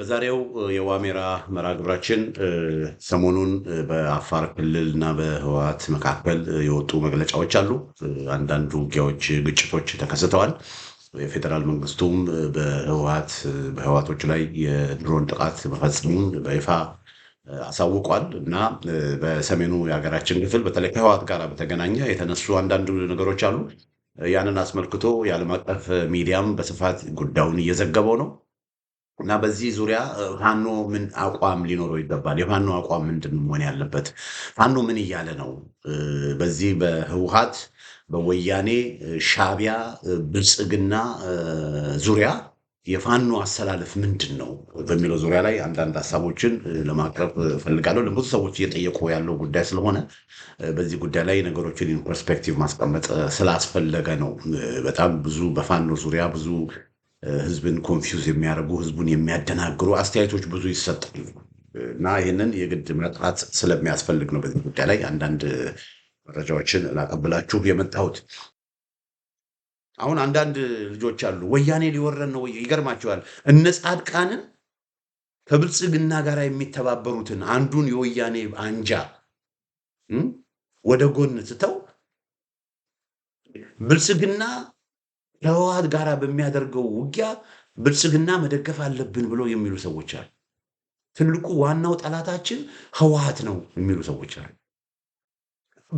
በዛሬው የዋሜራ መርሃ ግብራችን ሰሞኑን በአፋር ክልል እና በህወሓት መካከል የወጡ መግለጫዎች አሉ። አንዳንድ ውጊያዎች፣ ግጭቶች ተከስተዋል። የፌዴራል መንግስቱም በህወሓት በህወሓቶች ላይ የድሮን ጥቃት መፈጸሙን በይፋ አሳውቋል እና በሰሜኑ የሀገራችን ክፍል በተለይ ከህወሓት ጋር በተገናኘ የተነሱ አንዳንድ ነገሮች አሉ። ያንን አስመልክቶ የዓለም አቀፍ ሚዲያም በስፋት ጉዳዩን እየዘገበው ነው። እና በዚህ ዙሪያ ፋኖ ምን አቋም ሊኖረው ይገባል? የፋኖ አቋም ምንድን መሆን ያለበት? ፋኖ ምን እያለ ነው? በዚህ በህውሃት በወያኔ ሻቢያ ብልጽግና ዙሪያ የፋኖ አሰላለፍ ምንድን ነው በሚለው ዙሪያ ላይ አንዳንድ ሀሳቦችን ለማቅረብ እፈልጋለሁ። ለብዙ ሰዎች እየጠየቁ ያለው ጉዳይ ስለሆነ በዚህ ጉዳይ ላይ ነገሮችን ፐርስፔክቲቭ ማስቀመጥ ስላስፈለገ ነው። በጣም ብዙ በፋኖ ዙሪያ ብዙ ህዝብን ኮንፊውዝ የሚያደርጉ ህዝቡን የሚያደናግሩ አስተያየቶች ብዙ ይሰጣሉ እና ይህንን የግድ መጥራት ስለሚያስፈልግ ነው በዚህ ጉዳይ ላይ አንዳንድ መረጃዎችን ላቀብላችሁ የመጣሁት። አሁን አንዳንድ ልጆች አሉ ወያኔ ሊወረን ነው። ይገርማቸዋል። እነ ጻድቃንን ከብልጽግና ጋር የሚተባበሩትን አንዱን የወያኔ አንጃ ወደ ጎን ትተው ብልጽግና ከህወሓት ጋር በሚያደርገው ውጊያ ብልጽግና መደገፍ አለብን ብሎ የሚሉ ሰዎች አሉ። ትልቁ ዋናው ጠላታችን ህወሀት ነው የሚሉ ሰዎች አሉ።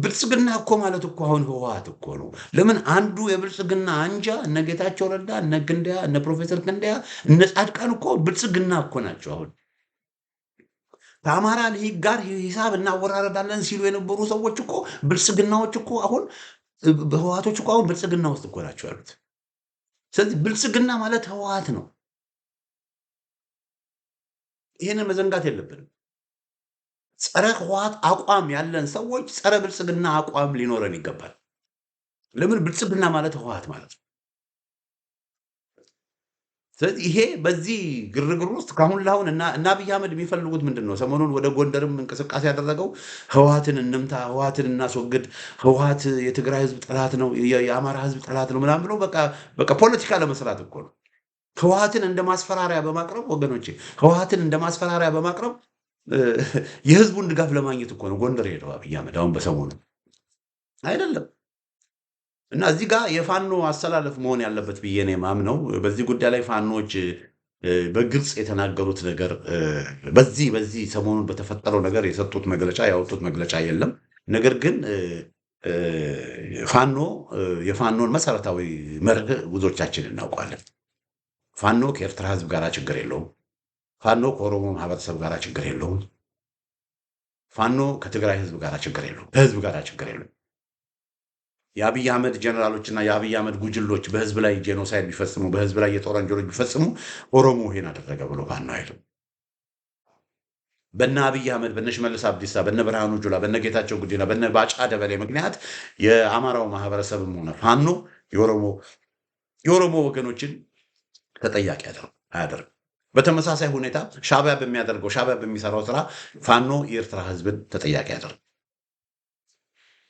ብልጽግና እኮ ማለት እኮ አሁን ህወሀት እኮ ነው። ለምን አንዱ የብልጽግና አንጃ እነ ጌታቸው ረዳ፣ እነ ክንደያ፣ እነ ፕሮፌሰር ክንደያ፣ እነ ጻድቃን እኮ ብልጽግና እኮ ናቸው። አሁን ከአማራ ልሂቅ ጋር ሂሳብ እናወራረዳለን ሲሉ የነበሩ ሰዎች እኮ ብልጽግናዎች እኮ አሁን በህወሀቶች እኮ አሁን ብልጽግና ውስጥ እኮ ናቸው ያሉት። ስለዚህ ብልጽግና ማለት ህወሓት ነው። ይህንን መዘንጋት የለብንም። ጸረ ህወሓት አቋም ያለን ሰዎች ጸረ ብልጽግና አቋም ሊኖረን ይገባል። ለምን? ብልጽግና ማለት ህወሓት ማለት ነው። ስለዚህ ይሄ በዚህ ግርግር ውስጥ ከአሁን ላሁን እና አብይ አህመድ የሚፈልጉት ምንድን ነው? ሰሞኑን ወደ ጎንደርም እንቅስቃሴ ያደረገው ህወሓትን እንምታ፣ ህወሓትን እናስወግድ፣ ህወሓት የትግራይ ህዝብ ጠላት ነው፣ የአማራ ህዝብ ጠላት ነው ምናምን ብሎ በቃ ፖለቲካ ለመስራት እኮ ነው። ህወሓትን እንደ ማስፈራሪያ በማቅረብ ወገኖቼ፣ ህወሓትን እንደ ማስፈራሪያ በማቅረብ የህዝቡን ድጋፍ ለማግኘት እኮ ነው ጎንደር ሄደው አብይ አህመድ አሁን በሰሞኑ አይደለም እና እዚህ ጋር የፋኖ አሰላለፍ መሆን ያለበት ብዬ ነው የማምነው። በዚህ ጉዳይ ላይ ፋኖች በግልጽ የተናገሩት ነገር በዚህ በዚህ ሰሞኑን በተፈጠረው ነገር የሰጡት መግለጫ ያወጡት መግለጫ የለም። ነገር ግን ፋኖ የፋኖን መሰረታዊ መርህ ብዙዎቻችን እናውቃለን። ፋኖ ከኤርትራ ህዝብ ጋር ችግር የለውም። ፋኖ ከኦሮሞ ማህበረሰብ ጋር ችግር የለውም። ፋኖ ከትግራይ ህዝብ ጋር ችግር የለውም። ከህዝብ ጋር ችግር የለውም። የአብይ አህመድ ጀነራሎችና የአብይ አህመድ ጉጅሎች በህዝብ ላይ ጄኖሳይድ ቢፈጽሙ በህዝብ ላይ የጦር ወንጀሎች ቢፈጽሙ ኦሮሞ ይሄን አደረገ ብሎ ማን ነው አይልም። በነ አብይ አህመድ በነ ሽመልስ አብዲሳ በነ ብርሃኑ ጁላ በነ ጌታቸው ጉዲና በነ ባጫ ደበሌ ምክንያት የአማራው ማህበረሰብም ሆነ ፋኖ የኦሮሞ ወገኖችን ተጠያቂ አያደርግም። በተመሳሳይ ሁኔታ ሻቢያ በሚያደርገው ሻቢያ በሚሰራው ስራ ፋኖ የኤርትራ ህዝብን ተጠያቂ አያደርግም።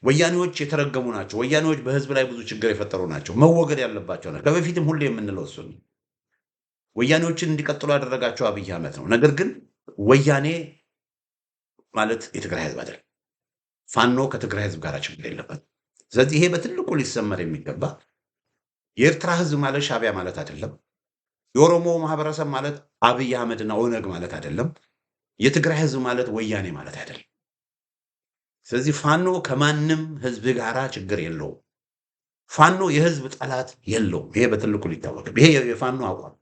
ወያኔዎች የተረገሙ ናቸው። ወያኔዎች በህዝብ ላይ ብዙ ችግር የፈጠሩ ናቸው፣ መወገድ ያለባቸው ናቸው። ከበፊትም ሁሌ የምንለው እሱ ወያኔዎችን እንዲቀጥሉ ያደረጋቸው አብይ አህመድ ነው። ነገር ግን ወያኔ ማለት የትግራይ ህዝብ አይደለም። ፋኖ ከትግራይ ህዝብ ጋር ችግር የለበት። ስለዚህ ይሄ በትልቁ ሊሰመር የሚገባ የኤርትራ ህዝብ ማለት ሻቢያ ማለት አይደለም። የኦሮሞ ማህበረሰብ ማለት አብይ አህመድና ኦነግ ማለት አይደለም። የትግራይ ህዝብ ማለት ወያኔ ማለት አይደለም። ስለዚህ ፋኖ ከማንም ህዝብ ጋራ ችግር የለውም። ፋኖ የህዝብ ጠላት የለውም። ይሄ በትልቁ ሊታወቅ ይሄ የፋኖ አቋም።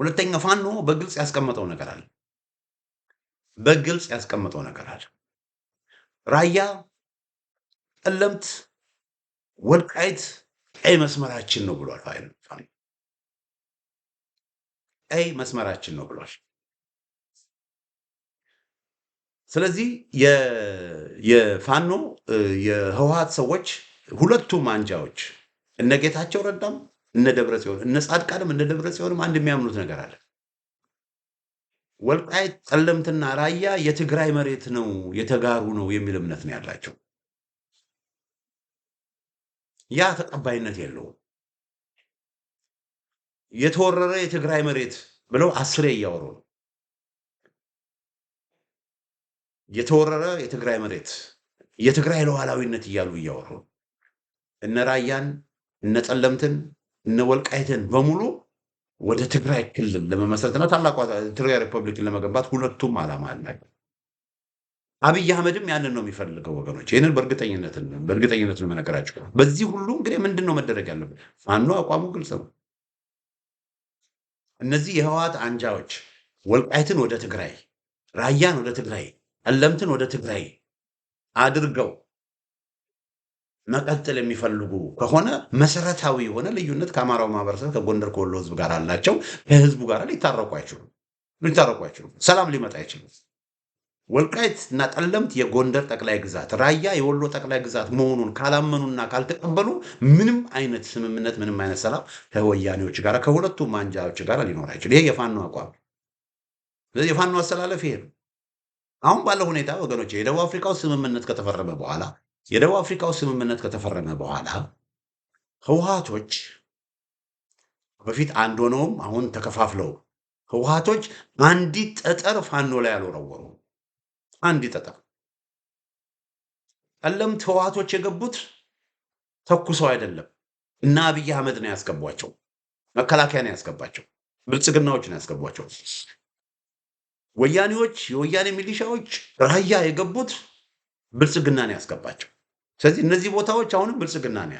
ሁለተኛ ፋኖ በግልጽ ያስቀመጠው ነገር አለ። በግልጽ ያስቀመጠው ነገር አለ። ራያ፣ ጠለምት፣ ወልቃይት ቀይ መስመራችን ነው ብሏል። ቀይ መስመራችን ነው ብሏል። ስለዚህ የፋኖ የህወሀት ሰዎች ሁለቱም አንጃዎች እነ ጌታቸው ረዳም እነ ደብረ ጽዮን እነ ጻድቃንም እነ ደብረ ጽዮንም አንድ የሚያምኑት ነገር አለ። ወልቃይት ጠለምትና ራያ የትግራይ መሬት ነው የተጋሩ ነው የሚል እምነት ነው ያላቸው። ያ ተቀባይነት የለውም። የተወረረ የትግራይ መሬት ብለው አስሬ እያወሩ ነው። የተወረረ የትግራይ መሬት የትግራይ ሉዓላዊነት እያሉ እያወሩ እነ ራያን እነ ጠለምትን እነ ወልቃይትን በሙሉ ወደ ትግራይ ክልል ለመመስረትና ታላቋ ትግራይ ሪፐብሊክን ለመገንባት ሁለቱም ዓላማ አላቸው። አብይ አህመድም ያንን ነው የሚፈልገው ወገኖች፣ ይህንን በእርግጠኝነት ነው መነገራቸው። በዚህ ሁሉ እንግዲህ ምንድን ነው መደረግ ያለበት? ፋኖ አቋሙ ግልጽ ነው። እነዚህ የህወሓት አንጃዎች ወልቃይትን ወደ ትግራይ፣ ራያን ወደ ትግራይ ጠለምትን ወደ ትግራይ አድርገው መቀጠል የሚፈልጉ ከሆነ መሰረታዊ የሆነ ልዩነት ከአማራው ማህበረሰብ ከጎንደር ከወሎ ህዝብ ጋር አላቸው። ከህዝቡ ጋር ሊታረቁ አይችሉም፣ ሊታረቁ አይችሉም። ሰላም ሊመጣ አይችልም። ወልቃይት እና ጠለምት የጎንደር ጠቅላይ ግዛት፣ ራያ የወሎ ጠቅላይ ግዛት መሆኑን ካላመኑና ካልተቀበሉ ምንም አይነት ስምምነት፣ ምንም አይነት ሰላም ከወያኔዎች ጋር ከሁለቱም አንጃዎች ጋር ሊኖር አይችል። ይሄ የፋኖ አቋም፣ የፋኖ አስተላለፍ ይሄ ነው። አሁን ባለው ሁኔታ ወገኖች የደቡብ አፍሪካው ስምምነት ከተፈረመ በኋላ የደቡብ አፍሪካው ስምምነት ከተፈረመ በኋላ ህወሀቶች በፊት አንድ ሆነውም አሁን ተከፋፍለው ህወሀቶች አንዲት ጠጠር ፋኖ ላይ አልወረወሩ። አንዲት ጠጠር ቀለምት ህወሀቶች የገቡት ተኩሰው አይደለም እና አብይ አህመድ ነው ያስገቧቸው፣ መከላከያ ነው ያስገባቸው፣ ብልጽግናዎች ነው ያስገቧቸው። ወያኔዎች የወያኔ ሚሊሻዎች ራያ የገቡት ብልጽግና ነው ያስገባቸው። ስለዚህ እነዚህ ቦታዎች አሁንም ብልጽግና ነው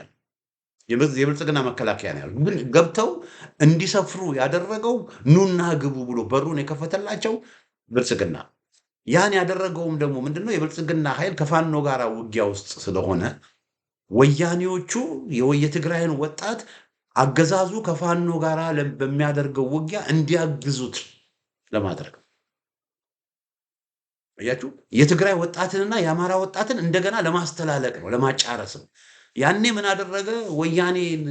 የብልጽግና መከላከያ ነው ያሉ። ግን ገብተው እንዲሰፍሩ ያደረገው ኑና ግቡ ብሎ በሩን የከፈተላቸው ብልጽግና። ያን ያደረገውም ደግሞ ምንድነው? የብልጽግና ኃይል ከፋኖ ጋር ውጊያ ውስጥ ስለሆነ ወያኔዎቹ የትግራይን ወጣት አገዛዙ ከፋኖ ጋር በሚያደርገው ውጊያ እንዲያግዙት ለማድረግ አያችሁ የትግራይ ወጣትንና የአማራ ወጣትን እንደገና ለማስተላለቅ ነው፣ ለማጫረስ ነው። ያኔ ምን አደረገ? ወያኔን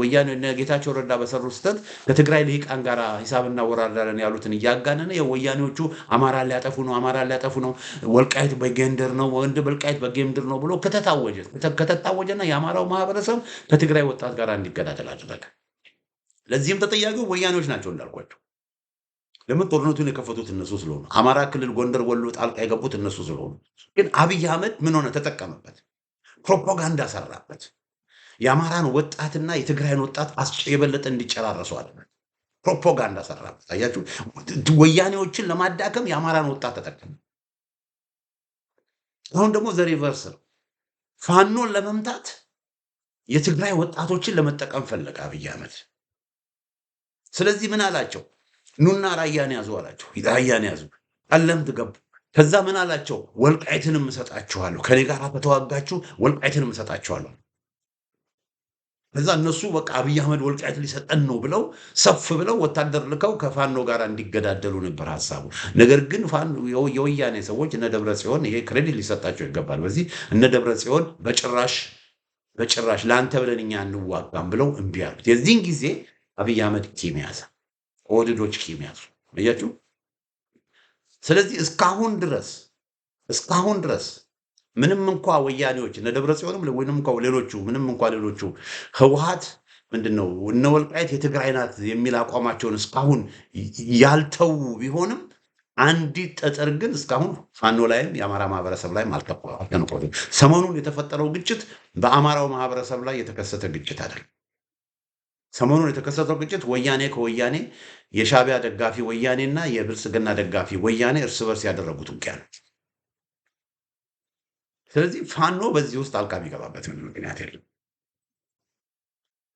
ወያኔ ጌታቸው ረዳ በሰሩ ስህተት ከትግራይ ልሂቃን ጋር ሂሳብ እናወራዳለን ያሉትን እያጋነነ የወያኔዎቹ አማራ ሊያጠፉ ነው፣ አማራ ሊያጠፉ ነው፣ ወልቃይት በጌምድር ነው፣ ወንድ ወልቃይት በጌምድር ነው ብሎ ከተታወጀ ከተታወጀና የአማራው ማህበረሰብ ከትግራይ ወጣት ጋር እንዲገዳደል አደረገ። ለዚህም ተጠያቂው ወያኔዎች ናቸው እንዳልኳቸው ለምን ጦርነቱን የከፈቱት እነሱ ስለሆኑ፣ አማራ ክልል፣ ጎንደር፣ ወሎ ጣልቃ የገቡት እነሱ ስለሆኑ። ግን አብይ አህመድ ምን ሆነ? ተጠቀመበት፣ ፕሮፓጋንዳ ሰራበት። የአማራን ወጣትና የትግራይን ወጣት የበለጠ እንዲጨራረሱ አለ። ፕሮፓጋንዳ ሰራበት። አያችሁ፣ ወያኔዎችን ለማዳከም የአማራን ወጣት ተጠቀመ። አሁን ደግሞ ዘሪቨርስ ነው። ፋኖን ለመምታት የትግራይ ወጣቶችን ለመጠቀም ፈለገ አብይ አህመድ። ስለዚህ ምን አላቸው? ኑና ራያን ያዙ አላቸው። ራያን ያዙ ጠለምት ገቡ። ከዛ ምን አላቸው? ወልቃይትንም እሰጣችኋለሁ፣ ከኔ ጋር በተዋጋችሁ ወልቃይትንም እሰጣችኋለሁ። ከዛ እነሱ በቃ አብይ አህመድ ወልቃይት ሊሰጠን ነው ብለው ሰፍ ብለው ወታደር ልከው ከፋኖ ጋር እንዲገዳደሉ ነበር ሀሳቡ። ነገር ግን የወያኔ ሰዎች እነ ደብረ ጽዮን ይሄ ክሬዲት ሊሰጣቸው ይገባል። በዚህ እነ ደብረ ጽዮን በጭራሽ በጭራሽ ለአንተ ብለን እኛ እንዋጋም ብለው እምቢ አሉት። የዚህን ጊዜ አብይ አህመድ ቂም ያዘ። ኦድዶች ኪሚያሱ አያችሁ። ስለዚህ እስካሁን ድረስ እስካሁን ድረስ ምንም እንኳ ወያኔዎች እነ ደብረ ጽዮንም ወይም እንኳ ሌሎቹ ምንም እንኳ ሌሎቹ ህወሀት ምንድን ነው እነ ወልቃየት የትግራይ ናት የሚል አቋማቸውን እስካሁን ያልተዉ ቢሆንም አንዲት ጠጠር ግን እስካሁን ፋኖ ላይም የአማራ ማህበረሰብ ላይም አልተቆ ሰሞኑን የተፈጠረው ግጭት በአማራው ማህበረሰብ ላይ የተከሰተ ግጭት አይደለም። ሰሞኑን የተከሰተው ግጭት ወያኔ ከወያኔ የሻቢያ ደጋፊ ወያኔ እና የብልጽግና ደጋፊ ወያኔ እርስ በርስ ያደረጉት ውጊያ ነው። ስለዚህ ፋኖ በዚህ ውስጥ አልቃ የሚገባበት ምንም ምክንያት የለም።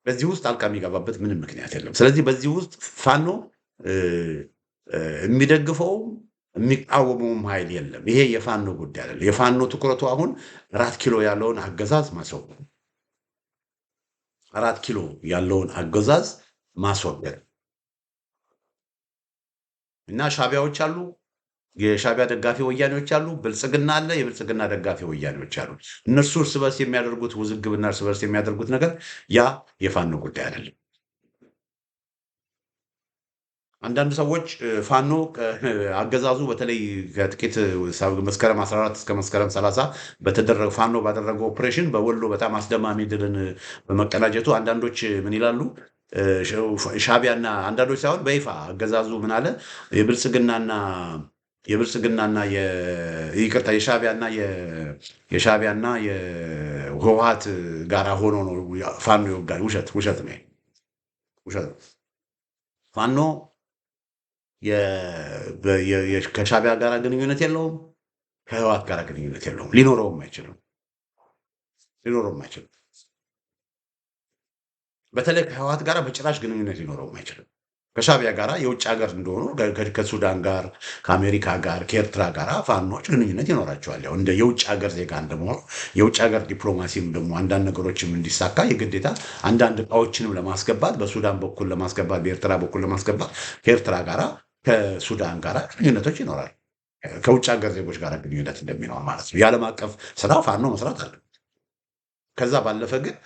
በዚህ ውስጥ አልቃ የሚገባበት ምንም ምክንያት የለም። ስለዚህ በዚህ ውስጥ ፋኖ የሚደግፈውም የሚቃወመውም ኃይል የለም። ይሄ የፋኖ ጉዳይ አይደለም። የፋኖ ትኩረቱ አሁን አራት ኪሎ ያለውን አገዛዝ ማስወገድ አራት ኪሎ ያለውን አገዛዝ ማስወገድ እና ሻቢያዎች አሉ፣ የሻቢያ ደጋፊ ወያኔዎች አሉ፣ ብልጽግና አለ፣ የብልጽግና ደጋፊ ወያኔዎች አሉ። እነርሱ እርስ በርስ የሚያደርጉት ውዝግብና እርስ በርስ የሚያደርጉት ነገር ያ የፋኖ ጉዳይ አይደለም። አንዳንድ ሰዎች ፋኖ አገዛዙ በተለይ ከጥቂት መስከረም 14 እስከ መስከረም 30 ፋኖ ባደረገው ኦፕሬሽን በወሎ በጣም አስደማሚ ድልን በመቀናጀቱ አንዳንዶች ምን ይላሉ? ሻቢያና አንዳንዶች ሳይሆን በይፋ አገዛዙ ምን አለ? የብልጽግናና የብልጽግናና ይቅርታ የሻቢያና የሻቢያና የህወሀት ጋራ ሆኖ ነው ፋኖ ይወጋል። ውሸት ውሸት ነው ውሸት ፋኖ ከሻቢያ ጋር ግንኙነት የለውም፣ ከህዋት ጋር ግንኙነት የለውም። ሊኖረውም አይችልም ሊኖረውም አይችልም። በተለይ ከህዋት ጋር በጭራሽ ግንኙነት ሊኖረውም አይችልም። ከሻቢያ ጋር የውጭ ሀገር እንደሆኑ ከሱዳን ጋር ከአሜሪካ ጋር ከኤርትራ ጋር ፋኖች ግንኙነት ይኖራቸዋል። ያው እንደ የውጭ ሀገር ዜጋ እንደመሆኑ የውጭ ሀገር ዲፕሎማሲም ደግሞ አንዳንድ ነገሮችም እንዲሳካ የግዴታ አንዳንድ እቃዎችንም ለማስገባት በሱዳን በኩል ለማስገባት በኤርትራ በኩል ለማስገባት ከኤርትራ ጋር ከሱዳን ጋር ግንኙነቶች ይኖራል። ከውጭ ሀገር ዜጎች ጋር ግንኙነት እንደሚኖር ማለት ነው። የዓለም አቀፍ ስራ ፋኖ መስራት አለበት። ከዛ ባለፈ ግን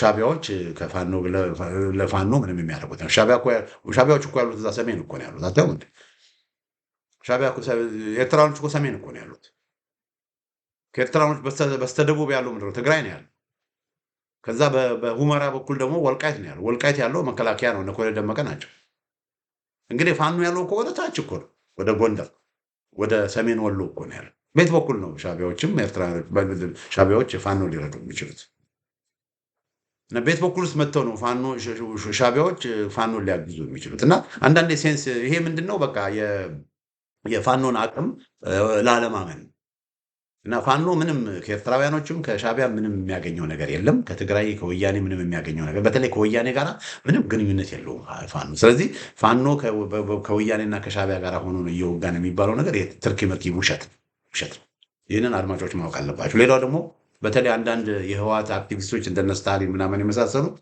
ሻቢያዎች ለፋኖ ምንም የሚያደርጉት ነው። ሻቢያዎች እኮ ያሉት እዛ ሰሜን እኮ ነው ያሉት። አታየውም ኤርትራኖች እኮ ሰሜን እኮ ነው ያሉት። ከኤርትራኖች በስተደቡብ ያለው ምንድን ትግራይ ነው ያለው። ከዛ በሁመራ በኩል ደግሞ ወልቃይት ነው ያለው። ወልቃይት ያለው መከላከያ ነው። እነ ኮሎኔል ደመቀ ናቸው። እንግዲህ ፋኖ ያለው ከሆነ ታች እኮ ነው፣ ወደ ጎንደር ወደ ሰሜን ወሎ እኮ ነው ያለ። ቤት በኩል ነው ሻቢያዎችም ሻቢያዎች ፋኖ ሊረዱ የሚችሉት? እና ቤት በኩል ውስጥ መጥተው ነው ፋኖ ሻቢያዎች ፋኖ ሊያግዙ የሚችሉት። እና አንዳንዴ ሴንስ ይሄ ምንድን ነው በቃ የፋኖን አቅም ላለማመን እና ፋኖ ምንም ከኤርትራውያኖችም ከሻቢያ ምንም የሚያገኘው ነገር የለም። ከትግራይ ከወያኔ ምንም የሚያገኘው ነገር በተለይ ከወያኔ ጋር ምንም ግንኙነት የለውም ፋኖ። ስለዚህ ፋኖ ከወያኔና ከሻቢያ ጋር ሆኖ ነው እየወጋን የሚባለው ነገር ትርኪ ምርኪ ውሸት ውሸት። ይህንን አድማጮች ማወቅ አለባቸው። ሌላው ደግሞ በተለይ አንዳንድ የህወሓት አክቲቪስቶች እንደነ ስታሊን ምናምን የመሳሰሉት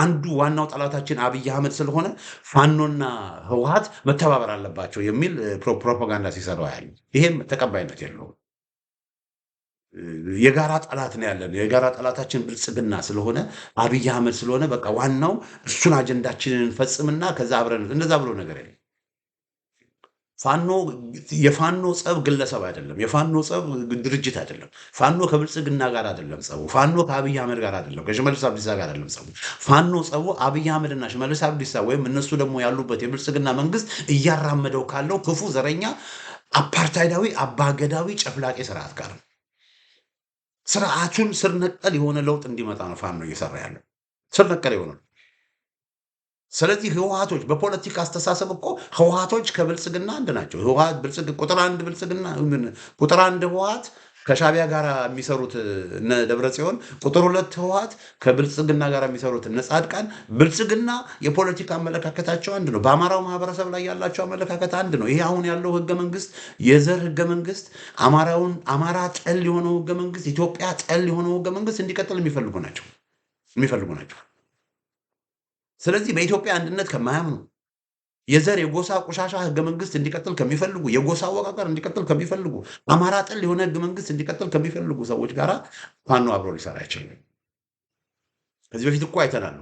አንዱ ዋናው ጠላታችን አብይ አህመድ ስለሆነ ፋኖና ህወሀት መተባበር አለባቸው የሚል ፕሮፓጋንዳ ሲሰራ ያለ ይሄም ተቀባይነት የለውም። የጋራ ጠላት ነው ያለን። የጋራ ጠላታችን ብልጽግና ስለሆነ አብይ አህመድ ስለሆነ በቃ ዋናው እሱን አጀንዳችንን እንፈጽምና ከዛ አብረን እንደዛ ብሎ ነገር የለም። ፋኖ የፋኖ ጸብ ግለሰብ አይደለም። የፋኖ ጸብ ድርጅት አይደለም። ፋኖ ከብልጽግና ጋር አይደለም ጸቡ። ፋኖ ከአብይ አህመድ ጋር አይደለም፣ ከሽመልስ አብዲሳ ጋር አይደለም ጸቡ። ፋኖ ጸቡ አብይ አህመድና ሽመልስ አብዲሳ ወይም እነሱ ደግሞ ያሉበት የብልጽግና መንግስት እያራመደው ካለው ክፉ ዘረኛ አፓርታይዳዊ አባገዳዊ ጨፍላቂ ስርዓት ጋር ስርዓቱን ስር ነቀል የሆነ ለውጥ እንዲመጣ ነው ፋኖ እየሰራ ያለው ስር ነቀል የሆነ ስለዚህ ህወሀቶች በፖለቲካ አስተሳሰብ እኮ ህወሀቶች ከብልጽግና አንድ ናቸው። ቁጥር አንድ ብልጽግና ቁጥር አንድ ህወሀት ከሻቢያ ጋር የሚሰሩት እነ ደብረ ጽዮን፣ ቁጥር ሁለት ህወሀት ከብልጽግና ጋር የሚሰሩት እነ ጻድቃን። ብልጽግና የፖለቲካ አመለካከታቸው አንድ ነው። በአማራው ማህበረሰብ ላይ ያላቸው አመለካከት አንድ ነው። ይሄ አሁን ያለው ህገ መንግስት የዘር ህገ መንግስት፣ አማራውን አማራ ጠል የሆነው ህገ መንግስት፣ ኢትዮጵያ ጠል የሆነው ህገ መንግስት እንዲቀጥል የሚፈልጉ ናቸው የሚፈልጉ ናቸው። ስለዚህ በኢትዮጵያ አንድነት ከማያምኑ የዘር የጎሳ ቆሻሻ ህገ መንግስት እንዲቀጥል ከሚፈልጉ የጎሳ አወቃቀር እንዲቀጥል ከሚፈልጉ አማራ ጥል የሆነ ህገ መንግስት እንዲቀጥል ከሚፈልጉ ሰዎች ጋር ፋኖ አብሮ ሊሰራ አይችልም። ከዚህ በፊት እኮ አይተናል።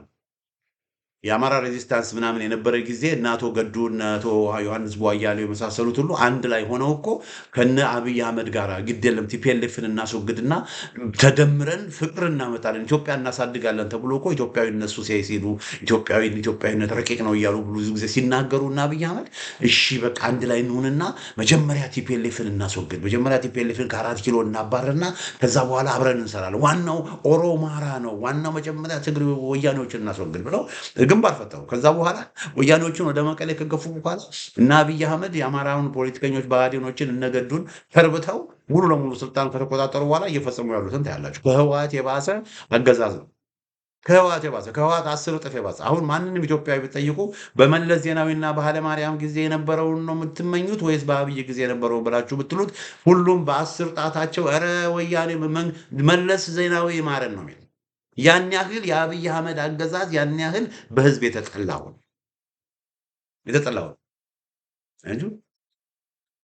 የአማራ ሬዚስታንስ ምናምን የነበረ ጊዜ እነ አቶ ገዱ እነ አቶ ዮሐንስ ቧያለው የመሳሰሉት ሁሉ አንድ ላይ ሆነው እኮ ከነ አብይ አህመድ ጋር ግድ የለም ቲፒኤልኤፍን እናስወግድና ተደምረን ፍቅር እናመጣለን፣ ኢትዮጵያ እናሳድጋለን ተብሎ እኮ ኢትዮጵያዊ እነሱ ሲሉ ኢትዮጵያዊ ኢትዮጵያዊነት ረቂቅ ነው እያሉ ብዙ ጊዜ ሲናገሩ እና አብይ አህመድ እሺ በቃ አንድ ላይ እንሁንና መጀመሪያ ቲፒኤልኤፍን እናስወግድ፣ መጀመሪያ ቲፒኤልኤፍን ከአራት ኪሎ እናባርና ከዛ በኋላ አብረን እንሰራለን። ዋናው ኦሮማራ ነው፣ ዋናው መጀመሪያ ትግር ወያኔዎችን እናስወግድ ብለው በግንባር ፈጠሩ። ከዛ በኋላ ወያኔዎቹን ወደ መቀሌ ከገፉ በኋላ እና አብይ አህመድ የአማራውን ፖለቲከኞች ብአዴኖችን እነገዱን ተርብተው ሙሉ ለሙሉ ስልጣን ከተቆጣጠሩ በኋላ እየፈጸሙ ያሉትን ታያላቸው። ከህወሓት የባሰ አገዛዝ ነው። ከህወሓት የባሰ ከህወሓት አስር እጥፍ የባሰ አሁን ማንንም ኢትዮጵያዊ ብጠይቁ በመለስ ዜናዊና ማርያም ጊዜ የነበረውን ነው የምትመኙት ወይስ በአብይ ጊዜ የነበረው ብላችሁ ብትሉት ሁሉም በአስር ጣታቸው ኧረ ወያኔ መለስ ዜናዊ ማረን ነው የሚል ያን ያህል የአብይ አህመድ አገዛዝ ያን ያህል በህዝብ የተጠላውን የተጠላውን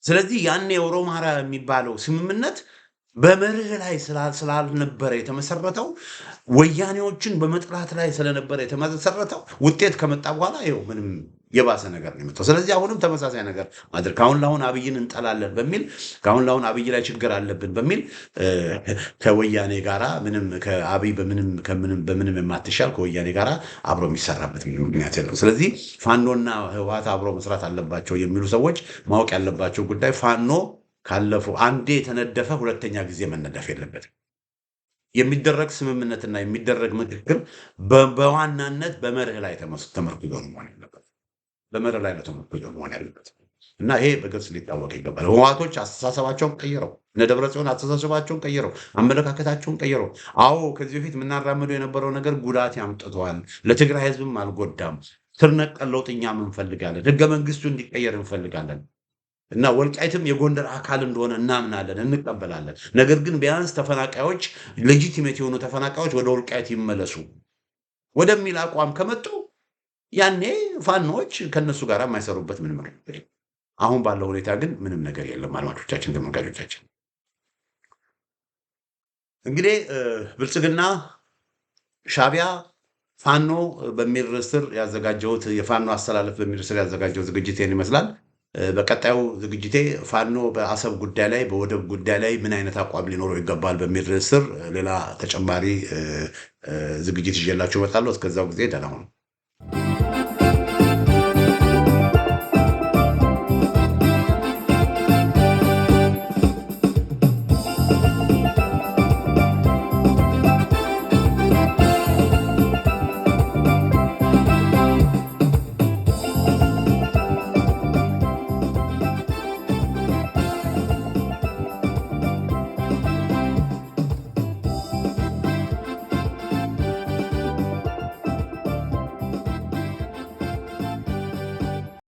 ስለዚህ ያን የኦሮማራ የሚባለው ስምምነት በመርህ ላይ ስላልነበረ የተመሰረተው ወያኔዎችን በመጥላት ላይ ስለነበረ የተመሰረተው ውጤት ከመጣ በኋላ ይኸው ምንም የባሰ ነገር ነው የመጣው። ስለዚህ አሁንም ተመሳሳይ ነገር ማድረግ ከአሁን ለአሁን አብይን እንጠላለን በሚል ከአሁን ለአሁን አብይ ላይ ችግር አለብን በሚል ከወያኔ ጋራ ምንም ከአብይ በምንም የማትሻል ከወያኔ ጋራ አብሮ የሚሰራበት ምክንያት የለው። ስለዚህ ፋኖና ህወሓት አብሮ መስራት አለባቸው የሚሉ ሰዎች ማወቅ ያለባቸው ጉዳይ ፋኖ ካለፉ አንዴ የተነደፈ ሁለተኛ ጊዜ መነደፍ የለበትም። የሚደረግ ስምምነትና የሚደረግ ምክክር በዋናነት በመርህ ላይ ተመርኩዞ መሆን ያለበት በመርህ ላይ ተመርክዞ መሆን ያለበት እና ይሄ በግልጽ ሊታወቅ ይገባል። ህወሓቶች አስተሳሰባቸውን ቀይረው እነ ደብረ ጽዮን አስተሳሰባቸውን ቀይረው አመለካከታቸውን ቀይረው፣ አዎ ከዚህ በፊት የምናራምደው የነበረው ነገር ጉዳት ያምጥተዋል፣ ለትግራይ ህዝብም አልጎዳም፣ ስር ነቀል ለውጥ እኛም እንፈልጋለን፣ ህገ መንግስቱ እንዲቀየር እንፈልጋለን እና ወልቃይትም የጎንደር አካል እንደሆነ እናምናለን፣ እንቀበላለን። ነገር ግን ቢያንስ ተፈናቃዮች ሌጂቲሜት የሆኑ ተፈናቃዮች ወደ ወልቃይት ይመለሱ ወደሚል አቋም ከመጡ ያኔ ፋኖች ከነሱ ጋር የማይሰሩበት ምንም አሁን ባለው ሁኔታ ግን ምንም ነገር የለም። አድማጮቻችን፣ ተመልካቾቻችን እንግዲህ ብልጽግና ሻቢያ ፋኖ በሚል ርዕስ ስር ያዘጋጀሁት የፋኖ አሰላለፍ በሚል ርዕስ ስር ያዘጋጀሁት ዝግጅት ይህን ይመስላል። በቀጣዩ ዝግጅቴ ፋኖ በአሰብ ጉዳይ ላይ በወደብ ጉዳይ ላይ ምን አይነት አቋም ሊኖረው ይገባል በሚል ርዕስ ስር ሌላ ተጨማሪ ዝግጅት ይዤላችሁ እመጣለሁ። እስከዛው ጊዜ ደህና ሁኑ።